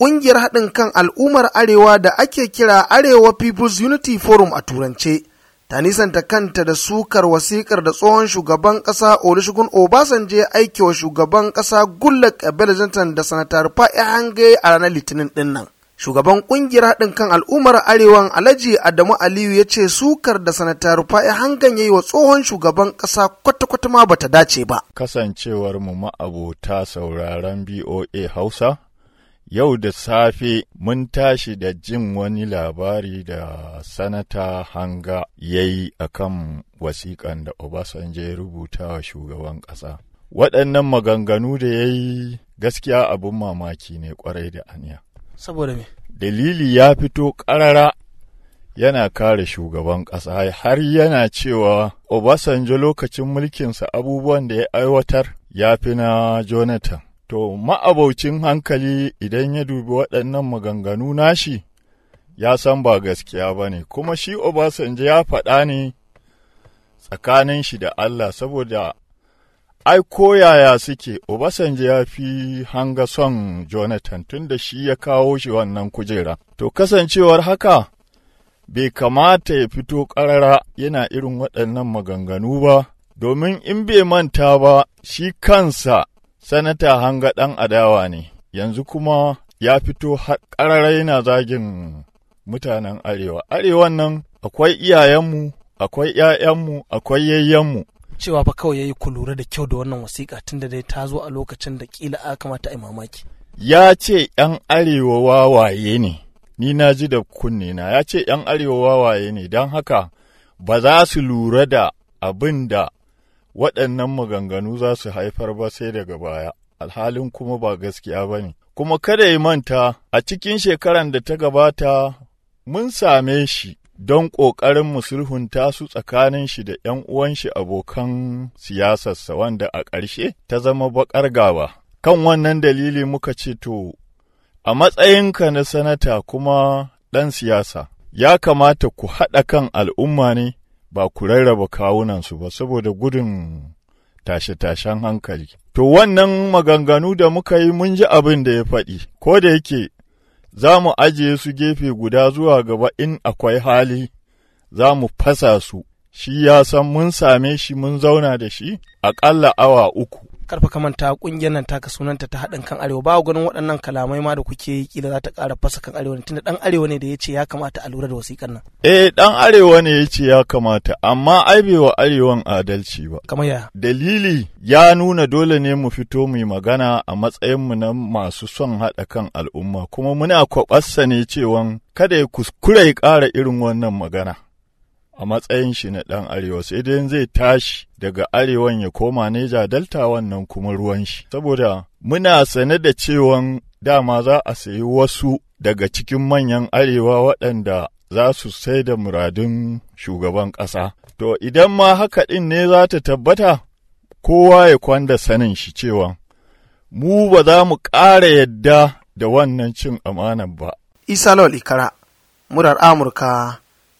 ƙungiyar haɗin kan al'ummar arewa da ake kira arewa people's unity forum a turance ta nisanta kanta da sukar wasikar da tsohon shugaban ƙasa olusegun obasanjo ya aike wa shugaban ƙasa gullak ebele da sanatar fa'i a ranar litinin ɗinnan. shugaban ƙungiyar haɗin kan al'ummar arewan alhaji adamu aliyu ya ce sukar da sanata hangen ya yi wa tsohon shugaban ƙasa kwata-kwata ma bata dace ba kasancewar mu ma'abota sauraron boa hausa Yau da safe mun tashi da jin wani labari da sanata hanga ya yi a kan wasiƙan da Obasanjo ya rubuta wa shugaban ƙasa. Waɗannan maganganu da ya yi gaskiya abin mamaki ne ƙwarai da aniya. Saboda me? Dalili ya fito ƙarara yana kare shugaban ƙasa har yana cewa Obasanjo lokacin mulkinsa abubuwan da ya aiwatar ya fi na Jonathan. To, ma'abaucin hankali idan ya dubi waɗannan maganganu nashi, ya san ba gaskiya ba ne, kuma shi Obasanjo ya faɗa ne tsakanin shi da Allah saboda ai koyaya suke, Obasanjo ya fi hanga son Jonathan tun da shi ya kawo shi wannan kujera. To, kasancewar haka, bai kamata ya fito ƙarara yana irin waɗannan maganganu ba, domin in bai manta ba, shi kansa Sanata hanga ɗan adawa ne, yanzu kuma ya fito ƙararai yana zagin mutanen Arewa. Arewan nan akwai iyayenmu, akwai ‘ya'yanmu, akwai yayyenmu. Cewa fa kawai ya yi kulura da kyau da wannan wasiƙa tun da dai ta zo a lokacin da ƙila a kamata a yi mamaki. Ya ce ‘yan Arewa wawaye ne, ni na ji da kunne na, ya ce ‘yan Arewa wawaye ne, don haka ba za su lura da abin da waɗannan maganganu za su haifar ba sai daga baya, alhalin kuma ba gaskiya ba ne. Kuma kada ya manta a cikin shekaran da ta gabata mun same shi don ƙoƙarin sulhunta su tsakanin shi da ‘yan shi abokan siyasarsa wanda a ƙarshe ta zama baƙar gaba. Kan wannan dalili muka ce to, a matsayinka na sanata kuma ɗan siyasa, ya kamata ku haɗa kan al'umma ne ba ku rarraba kawunansu ba saboda gudun tashe-tashen hankali. To wannan maganganu da muka yi mun ji abin da ya faɗi, ko da yake za mu ajiye su gefe guda zuwa gaba in akwai hali za mu fasa su, shi ya san mun same shi mun zauna da shi aƙalla awa uku. karfa kamanta kungiyar nan taka sunanta ta haɗin kan arewa ba ganin waɗannan kalamai ma da kuke yi kila za ta ƙara fasa kan arewa tunda ɗan arewa ne da ya ce ya kamata a lura da wasiƙan nan. eh ɗan arewa ne ya ce ya kamata amma ai bai wa arewan adalci ba. kamar ya. dalili ya nuna dole ne mu fito mu yi magana a matsayin mu na masu son haɗa kan al'umma kuma muna kwaɓassa ne cewa kada ya kuskure ya ƙara irin wannan magana. a matsayin shi na ɗan arewa sai dai zai tashi daga arewan ya koma neja delta wannan kuma ruwan shi saboda muna sane da cewan dama za a sayi wasu daga cikin manyan arewa waɗanda za su sai da muradun shugaban ƙasa to idan ma haka ɗin ne za ta tabbata kowa ya kwanda sanin shi cewa mu ba za mu ƙara yadda da wannan cin amanan ba. Isa Lol Ikara, murar Amurka